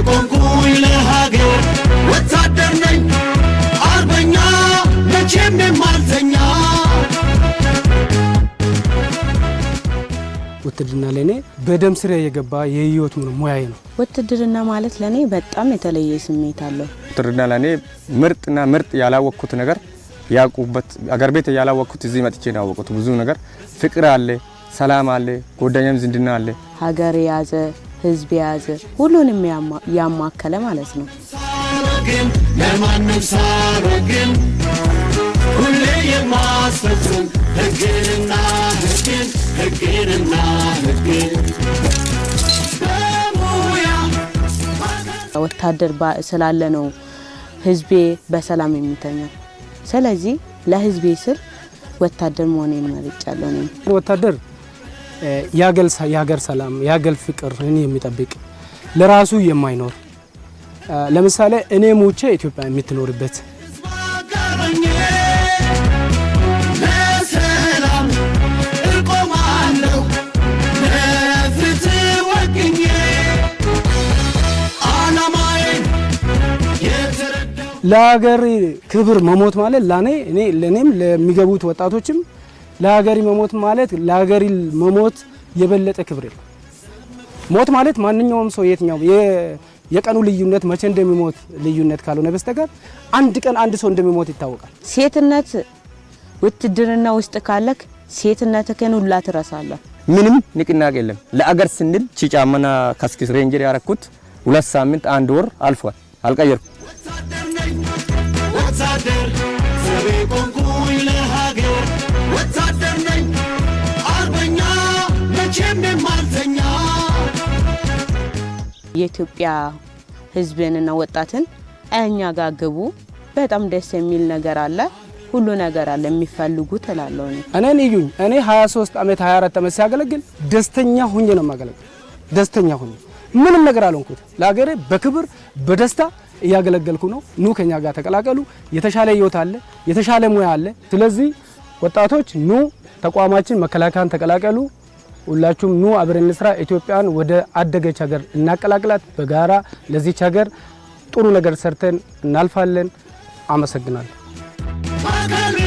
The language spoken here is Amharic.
የቆምኩኝ ለሀገር ወታደር ነኝ አርበኛ መቼም የማልተኛ። ውትድርና ለእኔ በደም ስሬ የገባ የህይወት ሙያዬ ነው። ውትድርና ማለት ለእኔ በጣም የተለየ ስሜት አለው። ውትድርና ለእኔ ምርጥና ምርጥ ያላወቅኩት ነገር ያውቁበት አገር ቤት ያላወቅኩት እዚህ መጥቼ ነው ያወቁት። ብዙ ነገር ፍቅር አለ፣ ሰላም አለ፣ ጓደኛም አለ ሀገር የያዘ ህዝብ የያዘ ሁሉንም ያማከለ ማለት ነው። ለማንም ሳረግም ሁሌ የማስፈጽም ህግንና ህግን ህግንና ህግን ወታደር ስላለ ነው ህዝቤ በሰላም የሚተኛው። ስለዚህ ለህዝቤ ስል ወታደር መሆኔን መርጫለሁ። ወታደር የሀገር ሰላም የሀገር ፍቅር እኔ የሚጠብቅ ለራሱ የማይኖር ለምሳሌ እኔ ሞቼ ኢትዮጵያ የምትኖርበት ለሀገር ክብር መሞት ማለት ለእኔ ለእኔም ለሚገቡት ወጣቶችም ለሀገሪ መሞት ማለት ለሀገሪ መሞት የበለጠ ክብር ሞት ማለት ማንኛውም ሰው የትኛው የቀኑ ልዩነት መቼ እንደሚሞት ልዩነት ካልሆነ በስተቀር አንድ ቀን አንድ ሰው እንደሚሞት ይታወቃል። ሴትነት ውትድርና ውስጥ ካለክ ሴትነትህን ሁላ ትረሳለህ። ምንም ንቅናቄ የለም። ለአገር ስንል ቺጫመና ካስኪስ ሬንጀር ያረኩት ሁለት ሳምንት አንድ ወር አልፏል። አልቀየርኩም። የኢትዮጵያ ህዝብንና ወጣትን እኛ ጋር ግቡ። በጣም ደስ የሚል ነገር አለ፣ ሁሉ ነገር አለ የሚፈልጉት እላለሁ። እኔን እዩኝ። እኔ 23 ዓመት 24 ዓመት ሲያገለግል ደስተኛ ሁኜ ነው የማገለግል። ደስተኛ ሁኜ ምንም ነገር አልሆንኩት። ለሀገሬ በክብር በደስታ እያገለገልኩ ነው። ኑ ከኛ ጋር ተቀላቀሉ። የተሻለ ህይወት አለ፣ የተሻለ ሙያ አለ። ስለዚህ ወጣቶች ኑ ተቋማችን መከላከያን ተቀላቀሉ። ሁላችሁም ኑ አብረን እንስራ። ኢትዮጵያን ወደ አደገች ሀገር እናቀላቅላት። በጋራ ለዚች ሀገር ጥሩ ነገር ሰርተን እናልፋለን። አመሰግናለሁ።